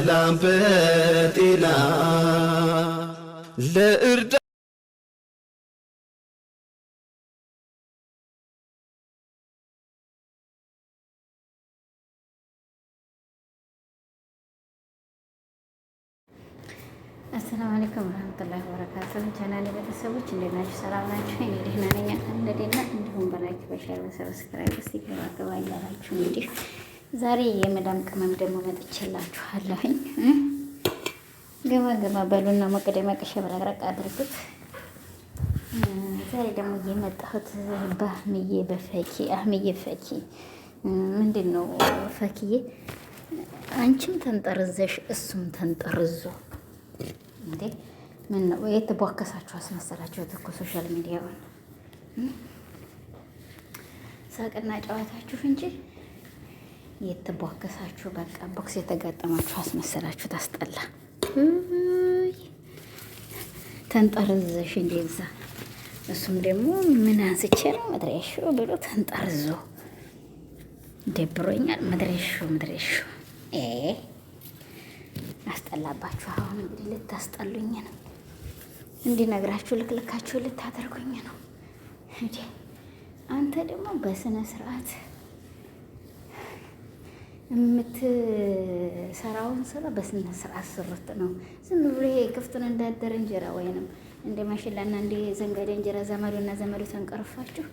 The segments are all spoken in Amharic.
በሰላም በጤና ለእርዳ አሰላሙ አለይኩም ወራህመቱላሂ ወበረካቱህ። ቻናሌ ቤተሰቦች እንዴት ናችሁ? ሰላም ናችሁ? እኔ ደህና ነኝ፣ አልሐምዱሊላህ። እንዲሁም በላይክ በሼር በሰብስክራይብ እስቲ ገባ ገባ እያላችሁ እንግዲህ ዛሬ የመዳም ቅመም ደግሞ መጥቼላችኋለሁኝ። ገባ ገባ በሉና መቀደሚያ መቀሸ በረቅረቅ አድርጉት። ዛሬ ደግሞ የመጣሁት በአህምዬ በፈኪ አህምዬ ፈኪ ምንድን ነው ፈኪዬ፣ አንቺም ተንጠርዘሽ እሱም ተንጠርዞ እንዴ! ምን ነው የተቧከሳችሁ አስመሰላችሁት እኮ ሶሻል ሚዲያውን ሳቅና ጨዋታችሁ እንጂ የተቧከሳችሁ በቃ ቦክስ የተጋጠማችሁ አስመሰላችሁ። ታስጠላ ተንጠርዘሽ እንደዛ እሱም ደግሞ ምን አንስቼ ነው መድሬሾ ብሎ ተንጠርዞ ደብሮኛል። መድሬሾ መድሬሾ አስጠላባችሁ። አሁን እንግዲህ ልታስጠሉኝ ነው፣ እንዲነግራችሁ ልክልካችሁ ልታደርጉኝ ነው። አንተ ደግሞ በስነ ስርዓት የምትሰራውን ስራ በስነ ስርዓት ስርት ነው። ዝም ብሎ ይሄ ክፍቱን እንዳደር እንጀራ ወይንም እንደ ማሽላና እንደ ዘንጋዴ እንጀራ ዘመዶና ዘመዶ ተንቀርፋችሁ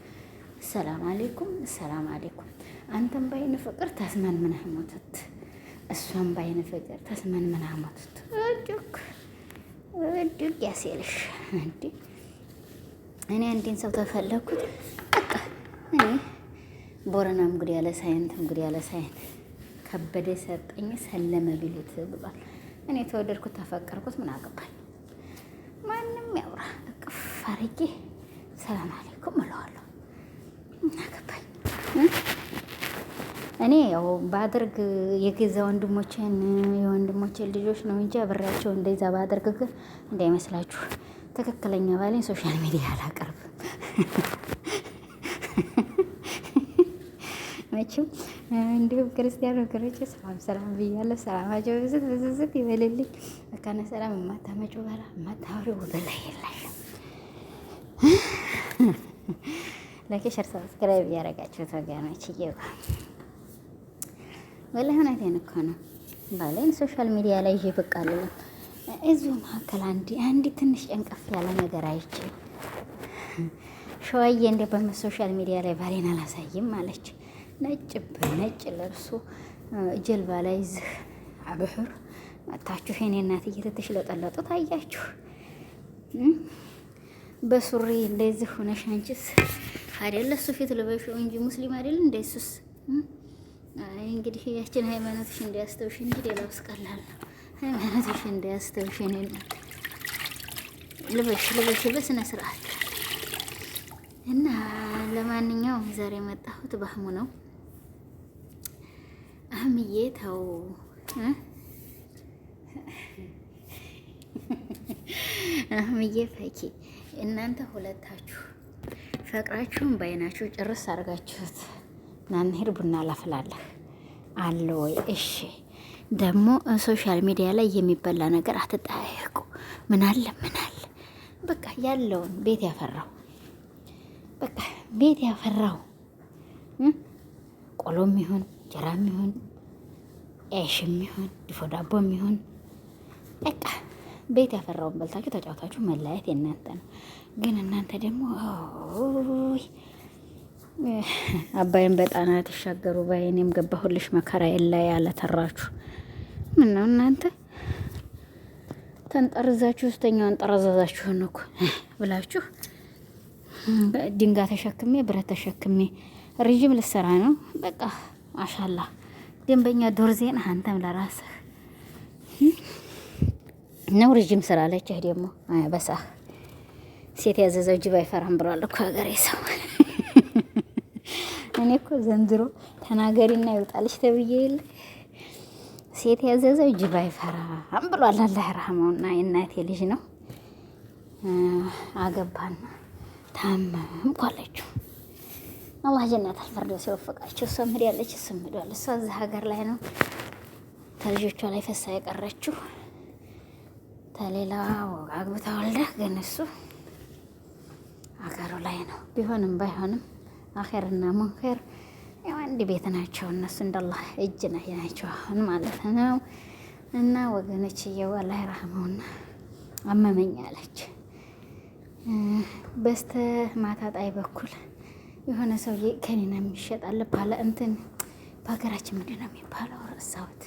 ሰላም አሌይኩም ሰላም አሌይኩም። አንተም ባይን ፍቅር ታስመን ምናህ ሞትት፣ እሷም ባይን ፍቅር ታስመን ምናህ ሞትት። እጅግ እጅግ ያሴልሽ እንዲ እኔ አንዴን ሰው ተፈለግኩት። በቃ እኔ ቦረናም ጉድ ያለ ሳይንትም ጉድ ያለ ሳይንት ከበደ ሰጠኝ ሰለመ ቢሉት ብሏል። እኔ ተወደድኩት ተፈቀርኩት ምን አገባኝ? ማንም ያውራ እቅፍ አርጌ ሰላም አለይኩም እለዋለሁ። ምን አገባኝ? እኔ ያው ባድርግ የገዛ ወንድሞችን የወንድሞችን ልጆች ነው እንጂ አብሬያቸው እንደዛ ባደርግ ግን እንዳይመስላችሁ ትክክለኛ ባሌን ሶሻል ሚዲያ አላቀርብም መቼም እንዲሁም ክርስቲያን ወገኖች ሰላም ሰላም ብያለሁ። ሰላማቸው ብዝት ብዝዝት ይበልልኝ። መካነ ሰላም የማታመጩ በላ የማታወሪ ወገላ የላሽም። ላይክ ሸር ሰብስክራይብ እያደረጋችሁት ወገኖች እየባ ወላ እውነቴን እኮ ነው። ባሌን ሶሻል ሚዲያ ላይ ይዤ ብቅ እዚሁ መካከል አንድ አንድ ትንሽ ጨንቀፍ ያለ ነገር አይችል ሸዋዬ እንደ በመ ሶሻል ሚዲያ ላይ ባሌን አላሳይም አለች። ነጭ በነጭ ለብሶ ጀልባ ላይ ዝህ አብሑር መታችሁ የኔ እናት እየተተሽለጠለጡ ታያችሁ። በሱሪ እንደዚህ ሆነሽ አንቺስ አይደለ እሱ ፊት ልበሽው እንጂ ሙስሊም አይደል እንደ እሱስ። እንግዲህ ያችን ሃይማኖትሽ እንዳያስተውሽ እንጂ ሌላውስ ቀላል ነው። ሃይማኖትሽ እንዲያስተውሽ የኔ እናት ልበሽ ልበሽ በስነ ስርዓት እና ለማንኛውም ዛሬ መጣሁት ባህሙ ነው። አህምዬ ተው አህምዬ ፈኪ እናንተ ሁለታችሁ ፍቅራችሁን በአይናችሁ ጭርስ አድርጋችሁት ናንሄድ ቡና ላፍላለህ አለ ወይ? እሺ ደግሞ ሶሻል ሚዲያ ላይ የሚበላ ነገር አትጠያየቁ። ምናለ ምናለ በቃ ያለውን ቤት ያፈራው በቃ ቤት ያፈራው ቆሎም ይሁን ጀራም ይሁን ኤሽ የሚሆን ድፎ ዳቦ የሚሆን በቃ ቤት ያፈራውን በልታችሁ ተጫውታችሁ መለያየት የእናንተ ነው። ግን እናንተ ደግሞ አባይን በጣና ትሻገሩ ባይኔም ገባሁልሽ መከራ የለ ያለ ተራችሁ ምን ነው እናንተ ተንጠርዛችሁ ውስተኛውን ጠረዛዛችሁን እኮ ብላችሁ ድንጋይ ተሸክሜ ብረት ተሸክሜ ሪዥም ልሰራ ነው። በቃ ማሻላ ደንበኛ ዶርዜን ዜና አንተም ለራስህ ነው። ረዥም ስራ አለችህ ደግሞ በሳ ሴት ያዘዘው ጅብ አይፈራም ብሏል እኮ ሀገሬ ሰው። እኔ እኮ ዘንድሮ ተናገሪና ይወጣልሽ ተብዬ የለ ሴት ያዘዘው ጅብ አይፈራም ብሏል። አላህ ረህመውና የእናቴ ልጅ ነው። አገባና ታመምኩ አለችው። አላህ ጀነት አልፈርዶስ የወፈቃቸው። እሷ ሄድ እሱም ሄዷል። እሷ እዚህ ሀገር ላይ ነው ተልጆቿ ላይ ፈሳ የቀረችው ተሌላ አግብታ ወልዳ፣ ግን እሱ ሀገሩ ላይ ነው። ቢሆንም ባይሆንም አኼርና ሙንኼር ያው አንድ ቤት ናቸው። እነሱ እንዳላህ እጅ ናቸው አሁን ማለት ነው። እና ወገኖች እየው አላህ ይራህመውና አመመኝ አለች በስተ ማታጣይ በኩል የሆነ ሰውዬ ከኔ ነው አለ ባለ እንትን በሀገራችን ምንድን ነው የሚባለው? ረሳሁት፣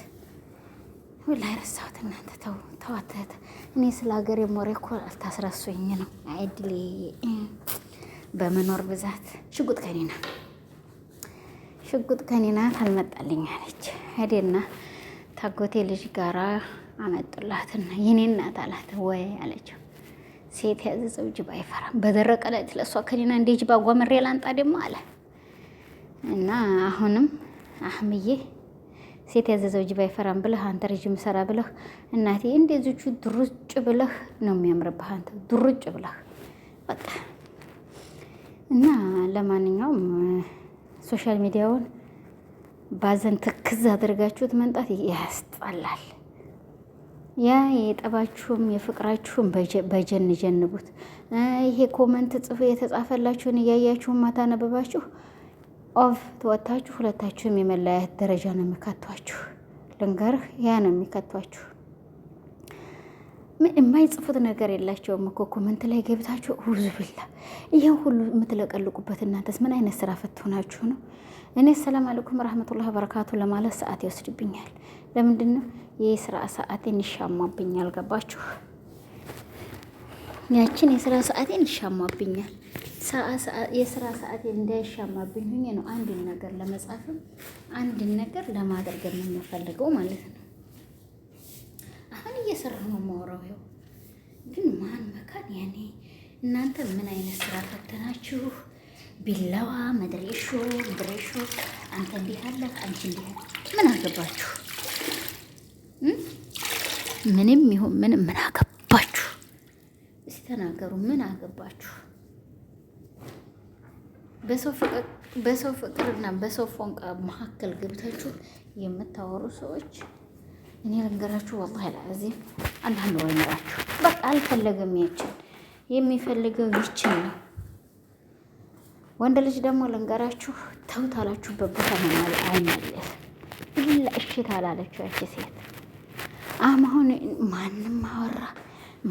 ወላሂ ረሳሁት። እናንተ ተው ተዋተተ። እኔ ስለ ሀገር የሞሬ እኮ አልታስረሱኝ ነው አይድል በመኖር ብዛት። ሽጉጥ ከኔና ሽጉጥ ከኔና ታልመጣልኝ አለች። ሄዴና ታጎቴ ልጅ ጋራ አመጡላትና የኔ እናት አላት ወይ አለችው ሴት ያዘዘው ጅብ አይፈራም። በደረቀ ላይ ትለሷ ከኔና እንደ ጅባ ጓመሬ ላንጣ ደግሞ አለ እና አሁንም አህምዬ ሴት ያዘዘው ጅብ አይፈራም ብለህ አንተ ረዥም ሰራ ብለህ እናቴ እንደዚቹ ድሩጭ ብለህ ነው የሚያምርብህ። አንተ ድሩጭ ብለህ በቃ እና ለማንኛውም ሶሻል ሚዲያውን ባዘን ትክዝ አድርጋችሁት መንጣት ያስጣላል። ያ የጠባችሁም የፍቅራችሁም በጀን ጀንቡት። ይሄ ኮመንት ጽፎ የተጻፈላችሁን እያያችሁ ማታነበባችሁ ኦፍ ተወታችሁ ሁለታችሁም የመለያየት ደረጃ ነው የሚከቷችሁ። ልንገርህ፣ ያ ነው የሚከቷችሁ። ምን የማይጽፉት ነገር የላቸውም እኮ ኮመንት ላይ ገብታችሁ ውዙ ይህ ይህን ሁሉ የምትለቀልቁበት እናንተስ ምን አይነት ስራ ፈት ሆናችሁ ነው? እኔ ሰላም አለይኩም ረህመቱላህ በረካቱ ለማለት ሰዓት ይወስድብኛል። ለምንድን ነው የስራ ሰዓቴን ይሻማብኛል? ገባችሁ? ያችን የስራ ሰዓቴን ይሻማብኛል። የስራ ሰዓቴን እንዳይሻማብኝ ነው አንድን ነገር ለመጻፍም አንድን ነገር ለማድረግ የምንፈልገው ማለት ነው። አሁን እየሰራ ነው የማወራው። ይኸው ግን ማን መካን ያኔ እናንተ ምን አይነት ስራ ፈተናችሁ? ቢላዋ መድሬሾ ብሬሾ አንተ እንዲህ አለህ፣ አንቺ እንዲህ ምን አገባችሁ? ምንም ይሁን ምንም ምን አገባችሁ? እስቲ ተናገሩ። ምን አገባችሁ? በሰው ፍቅርና በሰው ፎንቃ መካከል ገብታችሁ የምታወሩ ሰዎች እኔ ልንገራችሁ፣ ወላሂ አልዓዚም አንዳንድ ወይ ይኖራችሁ። በቃ አልፈለገም። ይችን የሚፈልገው ይችን ነው ወንድ ልጅ ደግሞ ልንገራችሁ፣ ተውት አላችሁበት ቦታ አይመለስም። ይላ እሺ አላለችው ያቺ ሴት። አሁን ማንም አወራ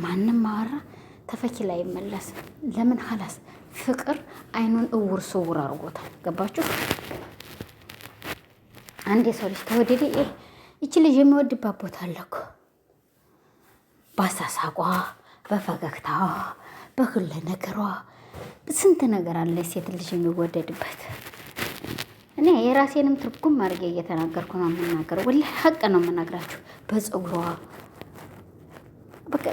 ማንም አወራ ተፈኪ ላይ አይመለስም። ለምን ሀላስ ፍቅር አይኑን እውር ስውር አድርጎታል። ገባችሁ? አንድ የሰው ልጅ ተወደደ እቺ ልጅ የሚወድባት ቦታ አለ እኮ ባሳሳቋ፣ በፈገግታዋ፣ በሁለ ነገሯ ስንት ነገር አለ ሴት ልጅ የሚወደድበት። እኔ የራሴንም ትርጉም አድርጌ እየተናገርኩ ነው የምናገረው። ወላሂ ሀቅ ነው የምናግራችሁ። በፀጉሯ በቃ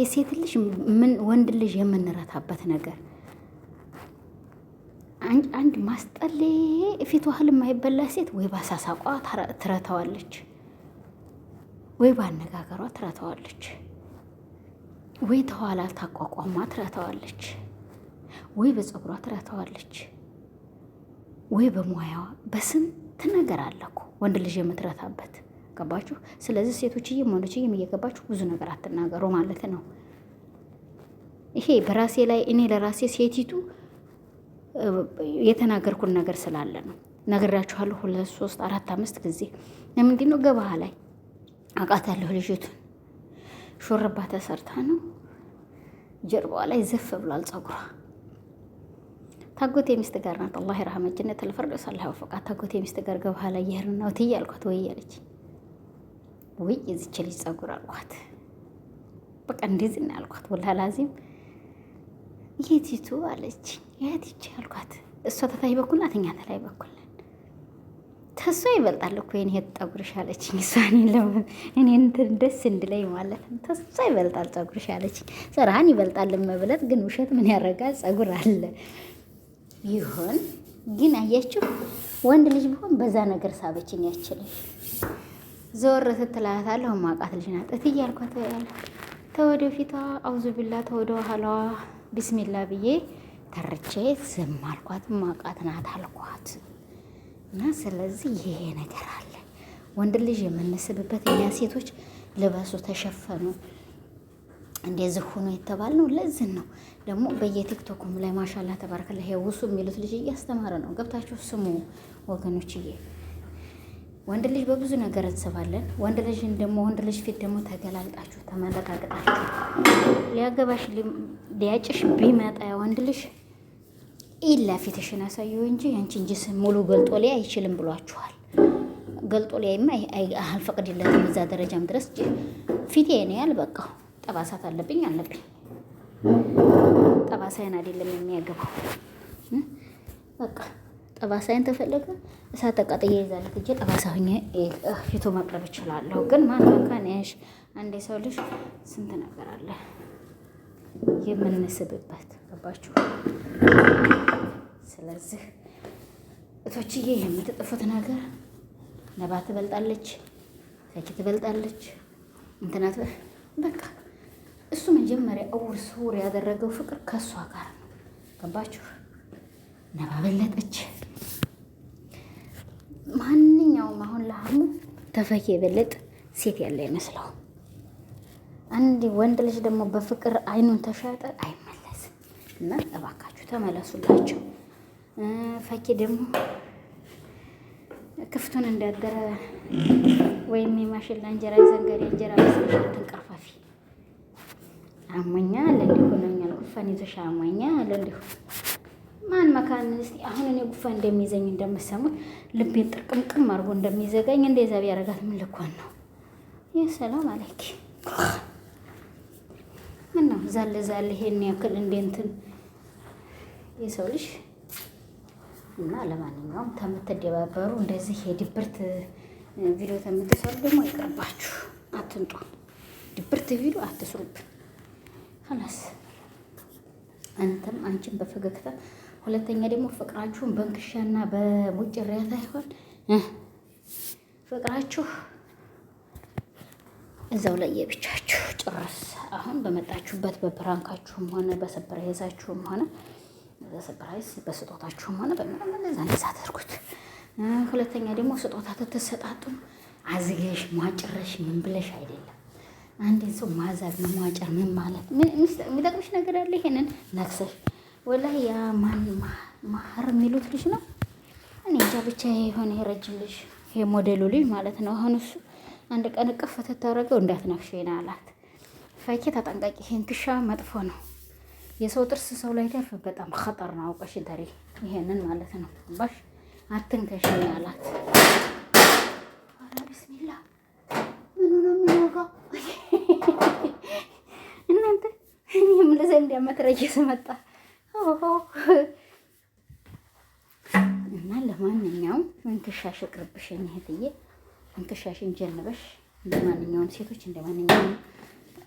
የሴት ልጅ ምን ወንድ ልጅ የምንረታበት ነገር አንድ ማስጠሌ ፊት ዋህል የማይበላ ሴት ወይ ባሳሳቋ ትረተዋለች፣ ወይ በአነጋገሯ ትረተዋለች፣ ወይ ተኋላ ታቋቋማ ትረተዋለች። ወይ በፀጉሯ ትረታዋለች ወይ በሙያዋ በስንት ነገር አለ እኮ ወንድ ልጅ የምትረታበት ገባችሁ። ስለዚህ ሴቶችዬም ወንዶችዬም እየገባችሁ ብዙ ነገር አትናገሩ ማለት ነው። ይሄ በራሴ ላይ እኔ ለራሴ ሴቲቱ የተናገርኩን ነገር ስላለ ነው። ነግራችኋለሁ። ሁለት ሶስት አራት አምስት ጊዜ ለምንድን ነው ገበያ ላይ አውቃታለሁ። ልጅቱን ሹርባ ተሰርታ ነው ጀርባዋ ላይ ዘፍ ብሏል ፀጉሯ ታጎቴ ሚስት ጋር ናት። አላህ ይርሐመ ጀነት ልፈርዶስ አላህ ወፈቃ ታጎቴ ሚስት ጋር ገብኋላ እየሄድን ነው ትይ አልኳት። ወይ እያለች ውይ የዚች ልጅ ጸጉር አልኳት። በቃ እንደዚህ ና ያልኳት። ወላሂ ላዚም የቲቱ አለች የቲቱ ያልኳት። እሷ ተታይ በኩል ናት፣ እኛ ተላይ በኩል ነን። ተሷ ይበልጣል እኮ የኔ እህት ጸጉርሽ አለችኝ። እሷ እኔን ደስ እንድለይ ማለት ነው። ተሷ ይበልጣል ጸጉርሽ አለችኝ። ስራህን ይበልጣል መብለጥ ግን ውሸት ምን ያረጋል? ጸጉር አለ ይሁን ግን አያችሁ ወንድ ልጅ ቢሆን በዛ ነገር ሳበችኝ። ያችልሽ ዞር ስትላታለሁ ማቃት ልጅ ናት እትዬ አልኳት። ተወደፊቷ አውዙ ቢላ ተወደ ኋላዋ ቢስሚላ ብዬ ተርቼ ዝም አልኳት። ማቃት ናት አልኳት እና ስለዚህ ይሄ ነገር አለ። ወንድ ልጅ የምንስብበት እኛ ሴቶች ልበሱ፣ ተሸፈኑ፣ እንደዚህ ሁኑ የተባልነው ለዚህ ነው። ደግሞ በየቲክቶኩም ላይ ማሻላ ተባረከላ ውሱ የሚሉት ልጅ እያስተማረ ነው። ገብታችሁ ስሙ ወገኖችዬ። ወንድ ልጅ በብዙ ነገር እንስባለን። ወንድ ልጅን ደግሞ ወንድ ልጅ ፊት ደግሞ ተገላልጣችሁ ተመረጋግጣችሁ ሊያገባሽ ሊያጭሽ ቢመጣ ወንድ ልጅ ኢላ ፊትሽን አሳየው እንጂ አንቺ እንጂ ሙሉ ገልጦ ላይ አይችልም ብሏችኋል። ገልጦ ላይማ አልፈቅድለትም እዛ ደረጃም ድረስ ፊቴ ነው ያልበቃው። ጠባሳት አለብኝ አለብኝ ጠባሳይን አይደለም የሚያገባው። በቃ ጠባሳይን ተፈለገ እሳት ተቃጥዬ ይዛል እጄ ጠባሳ ፊቶ ፊቱ መቅረብ እችላለሁ። ግን ማንካካንሽ አንድ ሰው ልጅ ስንት ነገር አለ የምንስብበት ገባችሁ? ስለዚህ እቶችዬ የምትጥፉት ነገር ነባ ትበልጣለች፣ ፈኪ ትበልጣለች፣ እንትናት በቃ እሱ መጀመሪያ እውር ስውር ያደረገው ፍቅር ከእሷ ጋር ነው። ገባችሁ? ነባበለጠች ማንኛውም አሁን ለአህሙ ተፈኪ የበለጥ ሴት ያለ ይመስለው። አንድ ወንድ ልጅ ደግሞ በፍቅር አይኑን ተሻጠ አይመለስም። እና እባካችሁ ተመለሱላቸው። ፈኪ ደግሞ ክፍቱን እንዳደረ ወይም የማሽላ እንጀራ ዘንጋዴ እንጀራ መስሻ አሞኛል እንዲሁ ሆኖኛል፣ ጉፋን ይዞሽ አሞኛል እንዲሁ ማን መካን እስቲ አሁን እኔ ጉፋን እንደሚይዘኝ እንደምሰሙት ልቤን ጥርቅምቅም አድርጎ እንደሚዘጋኝ ዛብ ቢያደርጋት ምን ልኮን ነው? የሰላም አለኪ ምን ነው ዛለ ዛለ ይሄን ያክል እንደ የሰው ልጅ እና ለማንኛውም ተምትደባበሩ እንደዚህ የድብርት ቪዲዮ ተምትሰሩ ደግሞ ይቅርባችሁ፣ አትንጡ ድብርት ቪዲዮ አትስሩብን። ኸላስ አንተም አንቺም በፈገግታ ሁለተኛ ደግሞ ፍቅራችሁን በእንክሻና በሙጭሪያት አይሆን ፍቅራችሁ እዛው ላይ የብቻችሁ ጭራስ አሁን በመጣችሁበት በፕራንካችሁም ሆነ በሰፕራይዛችሁም ሆነ በሰፕራይዝ በስጦታችሁም ሆነ በምንም እንደዛ እንደዛ አድርጉት። ሁለተኛ ደግሞ ስጦታ ትትሰጣጡ አዝገሽ ሟጭረሽ ምን ብለሽ አይደለም አንድን ሰው ማዛግ መሟጨር ምን ማለት የሚጠቅምሽ ነገር አለ? ይሄንን ነክሰሽ ወላሂ ያ ማን ማህር የሚሉት ልጅ ነው። እኔ እንጃ ብቻ የሆነ የረጅም ልጅ ይሄ ሞዴሉ ልጅ ማለት ነው። አሁን እሱ አንድ ቀን እቅፍ ተታረገው እንዳትነክሽና አላት። ፈኬ ተጠንቀቂ፣ ይህንትሻ መጥፎ ነው። የሰው ጥርስ ሰው ላይ ደርፍ በጣም ከጠር ነው። አውቀሽ ተሪ ይሄንን ማለት ነው። ባሽ አትንከሽና አላት። እንዲያመትረየስ መጣ እና ለማንኛውም እንክሻሽ ቅርብሽ እህትዬ እንክሻሽን ጀንበሽ እንደማንኛውም ሴቶች እንደማንኛውም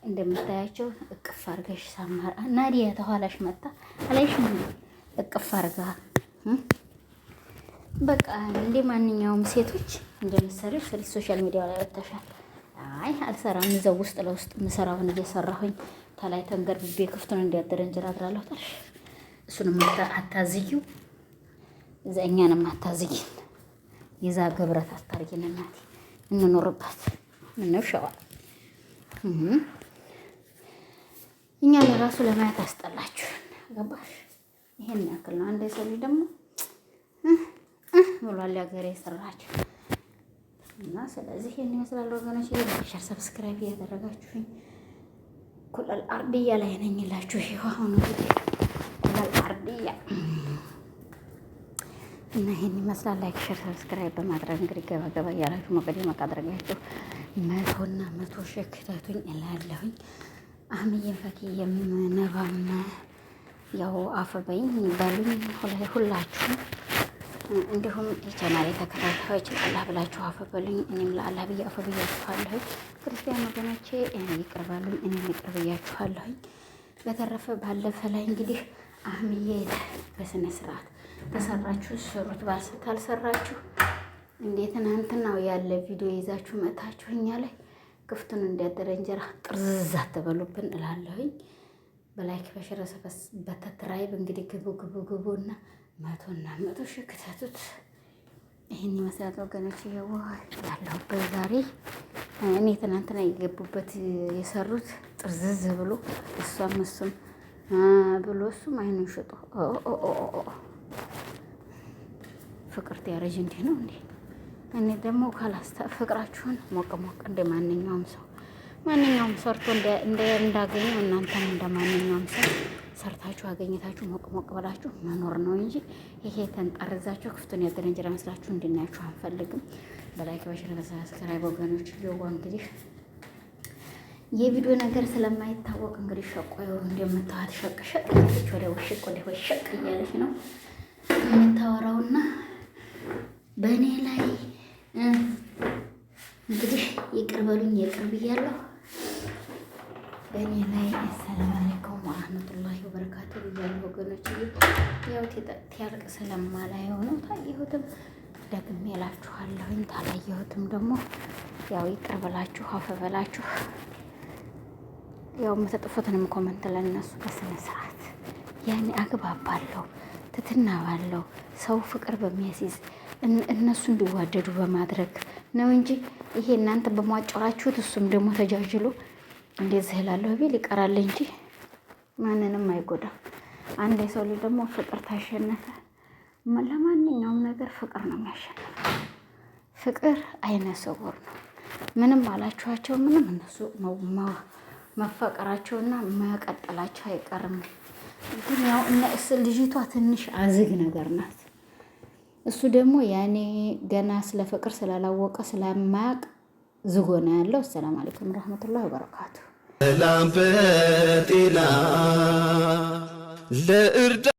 እንደምታያቸው እቅፍ አርገሽ ሳማር ናዲያ ተኋላሽ መጣ አላይሽ እቅፍ አርጋ በቃ እንደ ማንኛውም ሴቶች እንደምትሰሪው ስሪ ሶሻል ሚዲያ ላይ ወጥተሻል። አይ አልሰራም፣ እዛው ውስጥ ለውስጥ የምሰራውን እየሰራሁኝ ተላይ ተንገርብቤ ክፍቱን እንዲያደረ እንጀራ አድራለሁ። ታሽ እሱንም አታዝዩ፣ እዛ እኛንም አታዝይን። የዛ ገብረት አታርጊን እናቴ፣ እንኖርባት ምነው ሸዋ እኛ ለራሱ ለማየት አስጠላችሁ። ገባሽ? ይሄን ያክል ነው። አንድ ሰው ልጅ ደግሞ ብሏል ያገሬ የሰራችሁ እና ስለዚህ ይህን ይመስላል ወገኖች። ሸር ሰብስክራይብ እያደረጋችሁኝ ኩለል አርድያ ላይ ነኝ እላችሁ ይኸው አሁን እንግዲህ ኩለል አርድያ እና ይህን ይመስላል። ላይክ ሸር ሰብስክራይብ በማድረግ እንግዲህ ገባገባ እያላችሁ ሞቀዴ መቃ መቶና መቶ ሺህ እላለሁኝ። አህምዬን ፈክዬም ነባም ያው አፍ በሉኝ ሁላችሁም እንዲሁም የቻናሌ ተከታታዮች አላህ ብላችሁ አፈበሉኝ። እኔም ለአላህ ብዬ ብያችኋለሁ። ክርስቲያን ወገኖቼ ይቅር እኔም ይቅር ብያችኋለሁኝ። በተረፈ ባለፈ ላይ እንግዲህ አህምዬ በስነ ስርዓት ተሰራችሁ ስሩት፣ አልሰራችሁ እንዴ ትናንትናው ያለ ቪዲዮ ይዛችሁ መጥታችሁ እኛ ላይ ክፍቱን እንዲያደረ እንጀራ ጥርዝዝ አትበሉብን እላለሁኝ። በላይክ በሽረሰበስ በተትራይብ እንግዲህ ግቡ ግቡ ግቡ እና መቶ እና መቶ ሺህ ክተቱት። ይህን ይመስላል ወገኖች። የዋ ያለሁበት ዛሬ እኔ ትናንትና የገቡበት የሰሩት ጥርዝዝ ብሎ እሷም እሱም ብሎ እሱም አይኑን ሽጦ ፍቅር ያረጅ እንዲህ ነው እንዴ? እኔ ደግሞ ካላስታ ፍቅራችሁን ሞቅ ሞቅ እንደ ማንኛውም ሰው ማንኛውም ሰርቶ እንዳገኘው እናንተም እንደ ማንኛውም ሰው ሰርታችሁ አገኘታችሁ ሞቅ ሞቅ ብላችሁ መኖር ነው እንጂ ይሄ ተንጠርዛችሁ ክፍቱን ያገለ እንጀራ መስላችሁ እንድናያችሁ አንፈልግም። በላይክ በሽር በሰብስክራይብ ወገኖች ጆዋ እንግዲህ የቪዲዮ ነገር ስለማይታወቅ እንግዲህ ሸቆ እንደምታዋት ሸቅ ሸቅ እያለች ወደ ወሽቅ ወደ ወሸቅ እያለች ነው የምታወራውና በእኔ ላይ እንግዲህ ይቅር በሉኝ ይቅር ብያለሁ። በእኔ ላይ ሰላም አለይኩም ወረህመቱላሂ ወበረካቱ ብያሉ ወገኖች፣ ያው ቲያልቅ ስለማላየው ነው። ታየሁትም ደግሜ እላችኋለሁኝ። ታላየሁትም ደግሞ ያው ይቅር ብላችሁ አፈበላችሁ ያው የምትጥፉትንም ኮመንት ለነሱ በስነ ስርዓት ያኔ አግባብ ባለው ትትና ባለው ሰው ፍቅር በሚያስይዝ እነሱ እንዲዋደዱ በማድረግ ነው እንጂ ይሄ እናንተ በሟጨራችሁት እሱም ደግሞ ተጃጅሎ እንደዚህ እላለሁ ቢል ይቀራል እንጂ ማንንም አይጎዳም። አንድ የሰው ልጅ ደግሞ ፍቅር ታሸነፈ፣ ለማንኛውም ነገር ፍቅር ነው የሚያሸነፈ ፍቅር አይነ ስውር ነው። ምንም አላችኋቸው ምንም እነሱ መፈቀራቸውና መቀጠላቸው አይቀርም። ግን ያው ልጅቷ ትንሽ አዝግ ነገር ናት። እሱ ደግሞ ያኔ ገና ስለ ፍቅር ስላላወቀ ስለማያቅ ዝጎና ያለው። አሰላሙ አለይኩም ረህመቱላህ ወበረካቱ ሰላም በጤና ለእርዳ